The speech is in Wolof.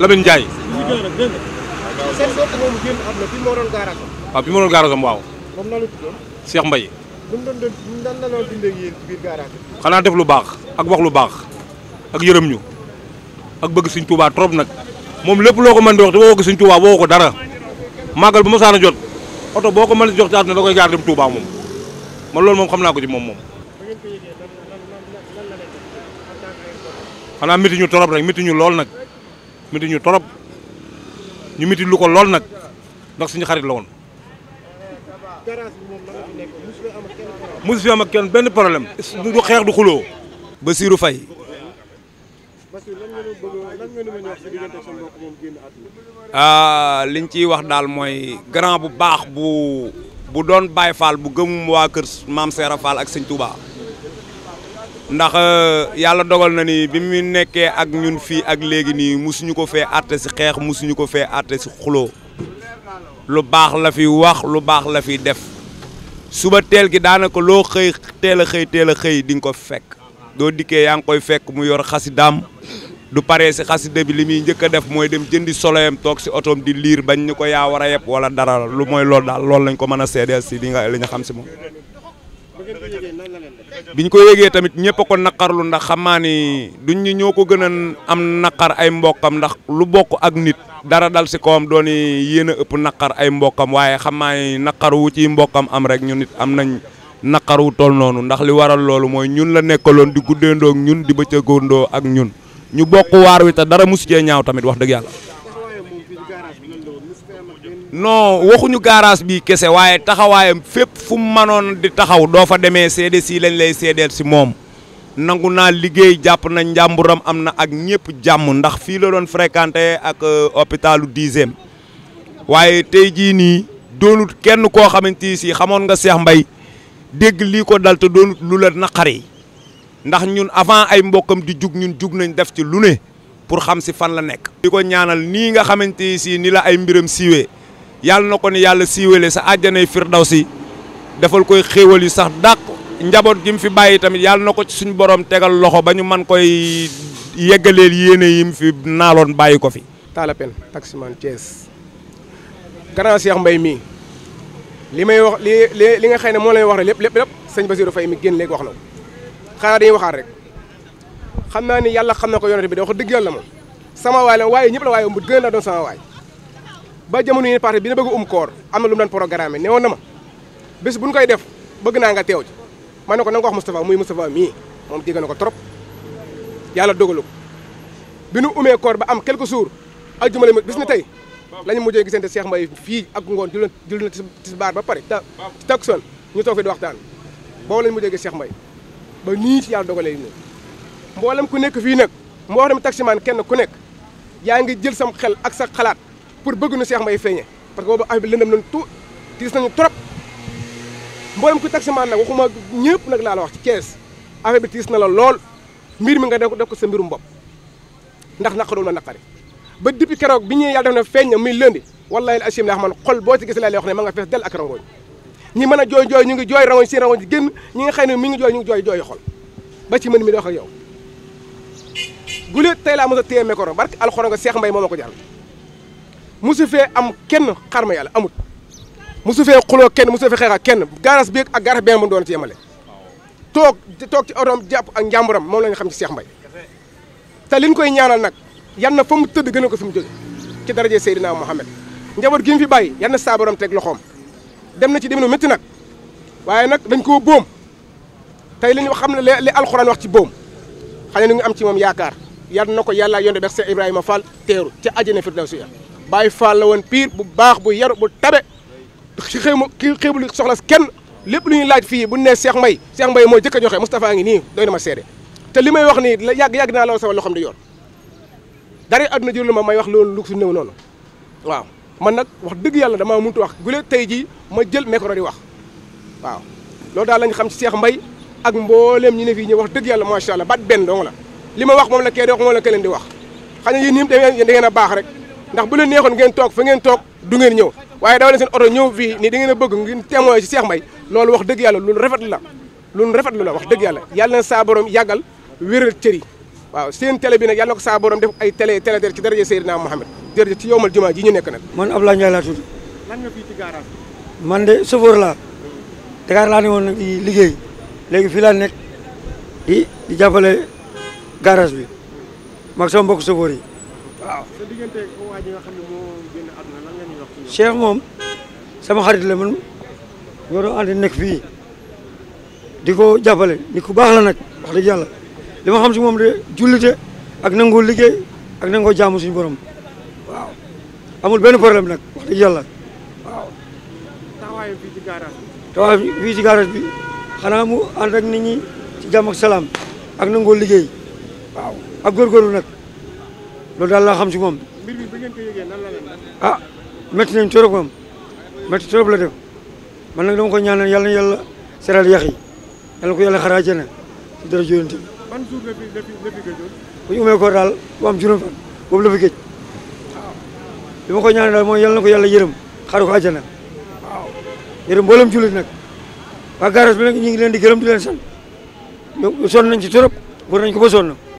Lamine Ndiaye. bi moo doon gaaraasam. waaw bi moo doon waaw. moom nan la xanaa def lu baax ak wax lu baax ak yërëm ñu ak bëgg suñ Touba trop nag moom lépp loo ko mën di wax te woo ko suñ Touba woo ko dara màggal bu ma saan a jot oto boo ko mën di jox ci àdduna da koy gaar dem Touba moom man loolu moom xam naa ko ci moom moom. xanaa métti ñu trop nag métti ñu lool nag. miti ñu torop ñu miti lu ko lool nag ndax suñu xarit la woon mosu fi am ak kenn benn problème du xeex du xuloo ba siiru fay ah, liñ ciy wax daal mooy grand bu baax bu bu doon Baye Fall bu gëmum waa kër maam Seera Fall ak sëñ Touba ndax euh, yàlla dogal na ni bi mu nekkee ak ñun fii ak léegi nii musuñu ko fee àtte si xeex musuñu ko fee àtte si xuloo lu baax la fi wax lu baax la fi def suba teel gi daanaka loo xëy teel a xëy teel a xëy di nga ko fekk doo dikkee yaa ngi koy fekk mu yor xasidaam du paree si xasida bi li muy njëkk def mooy dem jëndi soloyam toog si otoom di liir bañ ñu ko yaa war a yeb wala dara lu mooy loolu daal lool lañ ko mën a seedeel si li nga li nga xam si moom bi ñu ko yëgee tamit ñëpp a ko naqarlu ndax xam naa ni duñ ñu ñoo ko gën a am naqar ay mbokkam ndax lu bokk ak nit dara dal si kawam dooni yéen ëpp naqar ay mbokkam waaye xam naa naqar wu ci mbokkam am rek ñu nit am nañ naqar wu toll noonu ndax li waral loolu mooy ñun la nekkaloon di guddeendoo ak ñun di bëccëgoondoo ak ñun ñu bokk waar wi te dara musu cee ñaaw tamit wax dëgg yàlla. non waxuñu garage bi kese waaye taxawaayam fépp fu mu mënoon di taxaw doo fa demee seede si lañ lay seedeel si moom nangu naa liggéey jàpp na njàmburam am na ak ñëpp jàmm ndax fii la doon fréquenté ak euh, hôpitalu dixième waaye tey jii nii doonut kenn koo xamante si xamoon nga Cheikh mbay dégg lii ko dal te doonut lu la naqari ndax ñun avant ay mbokkam di jug ñun jug nañ def ci lu ne pour xam si fan la nekk. di ko ñaanal nii nga xamante si ni la ay mbiram siiwee. yàlla na ko ni yàlla siiwale sa àjjanay firdawsi defal koy xéewal yi sax dàq njaboot gi mu fi bàyyi tamit yàlla na ko ci suñu borom tegal loxo ba ñu man koy yeggaleel yéene yi mu fi naaloon bàyyi ko fi. Talapen taximan Thiès grand Cheikh Mbaye mii li may wax li li nga xay ne moo lay wax rek lépp lépp lépp ba Basirou fay mi génn léegi wax na ko xanaa dañuy waxaat rek xam naa ni yàlla xam na ko yonent bi da wax dëgg yàlla moom sama waay la waaye ñëpp la waaye bu gën a doon waay. ba jamono yi passé bi na bëgg um koor am na lu mu daan programme ne woon na ma bés bu ñu koy def bëgg naa nga teew ci ma ne ko na nga wax Moustapha muy Moustapha mii moom jege na ko trop yàlla dogalu ko bi nu umee koor ba am quelques jours ajjuma la bis na tey lañu mujjee gisante Cheikh Mbaye fii ak ngoon jul jul na baar ba pare ta ci takkusaan ñu toog fi di waxtaan boobu lañu mujjee gis Cheikh Mbaye ba nii ci yàlla dogalee nii mboolem ku nekk fii nag moo wax dem taximaan kenn ku nekk yaa ngi jël sam xel ak sa xalaat pour bëgg nu Cheikh Mbaye feeñe parce que boobu affaire bi lëndëm nañu tout tiis nañu trop mboolem ku taximaan nag waxuma ñëpp nag laa wax ci cees affaire bi tiis na la lool mbir mi nga def ko def ko sa mbirum bopp ndax naqarul ma naqari ba depuis keroog bi ñuy yàlla def na feeñ na muy lëndi wallahi al asim la man xol boo ci gis laa lay ne ma nga fees del ak rangooñ ñi mën a jooy jooy ñu ngi jooy rangooñ si rangooñ ci génn ñi nga xam ne mi ngi jooy ñu ngi jooy jooy xol ba ci mën mi di wax ak yow gulee tey laa mos a téye micro barke alxuraan nga Cheikh Mbaye moo ma ko jaral musu fee am kenn xarma yàlla amut musu fee xuloo kenn musu fee xeexa kenn garas bi ak garas benn mu doon ci yemale toog toog ci otoom jàpp a njàmburam moom la xam ci seex mbay te liñ koy ñaanal nag yan na fa mu tëdd gën ko fi mu jóge ci daraje seydinaa Mohamed njaboot gi mu fi bàyyi yan na teg loxoom dem na ci deminu métti nag waaye nag dañ koo boom tey li ñu xam ne li alxuraan wax ci boom xëy na ngi am ci moom yaakaar yan na ko yàlla yonde bex Ibrahima Fall teeru ca àjjana Baye Fall la woon piir bu baax bu yaru bu tabe si xëy ma kii xëy ma soxla kenn lépp lu ñuy laaj fii bu nee seex mbay Cheikh mbay moo jëkk joxe mustafaa ngi nii doy na ma seede te li may wax nii la yàgg yàgg naa lool sama loxoom di yor dara àdduna jëlu ma may wax loolu lu su néew noonu waaw man nag wax dëgg yàlla damaa mënut wax gule tey jii ma jël micro di wax waaw loolu daal lañ xam ci Cheikh Mbaye ak mbooleem ñi ne fii ñu wax dëgg yàlla macha allah baat benn dong la li ma wax moom la kee di wax moom la keneen di wax xanaa yéen ñi da a baax rek ndax bu leen neexoon ngeen toog fa ngeen toog du ngeen ñëw waaye dawal seen oto ñëw fii nii da ngeen a bëgg ngeen témoin ci Cheikh Mbaye loolu wax dëgg yàlla loolu rafetlu la loolu rafetlu la wax dëgg yàlla yàlla na saa borom yàggal wéral cër yi waaw seen tele bi nag yàlla na ko saa borom def ay télé télé ci daraja Seydina Mohamed jërëjëf ci yowmal jumaa ji ñu nekk nag man Abdoulaye Ndiaye laa tudd lan nga fii man de chauffeur laa Dakar laa ne woon nag di liggéey léegi fii laa garage bi mag sama yi waaw. sa diggante waa xam ne moo moom sama xarit la man ñoo nekk fii di ko jàppale ni ku baax la nag wax dëgg yàlla li ma xam si moom de jullite ak nangoo liggéey ak nangoo jàmm suñu borom waaw amul benn problème nag wax dëgg yàlla fii ci garage xanaa mu ànd ak nit ñi jàmm ak salaam ak nangoo liggéey waaw ak góorgóorlu nag. loolu daal laa xam ci moom. mbir mi bu ngeen ko yëgee la leen ah, nañ trop moom man nag dama ko ñaanal yàlla na yàlla seral yax yi yàlla ko yàlla xaraa jëne si dara jóonante bi. ban umee ko daal bu am fan boobu la fi gëj waaw ko ñaanal daal mooy yalla na ko yàlla yërëm xaaru ko àjjana waaw yërëm mboolem jullit nag waa garage bi nag ñu ngi leen di gërëm di leen sant yow sonn nañ ci trop war nañ ko ba sonn.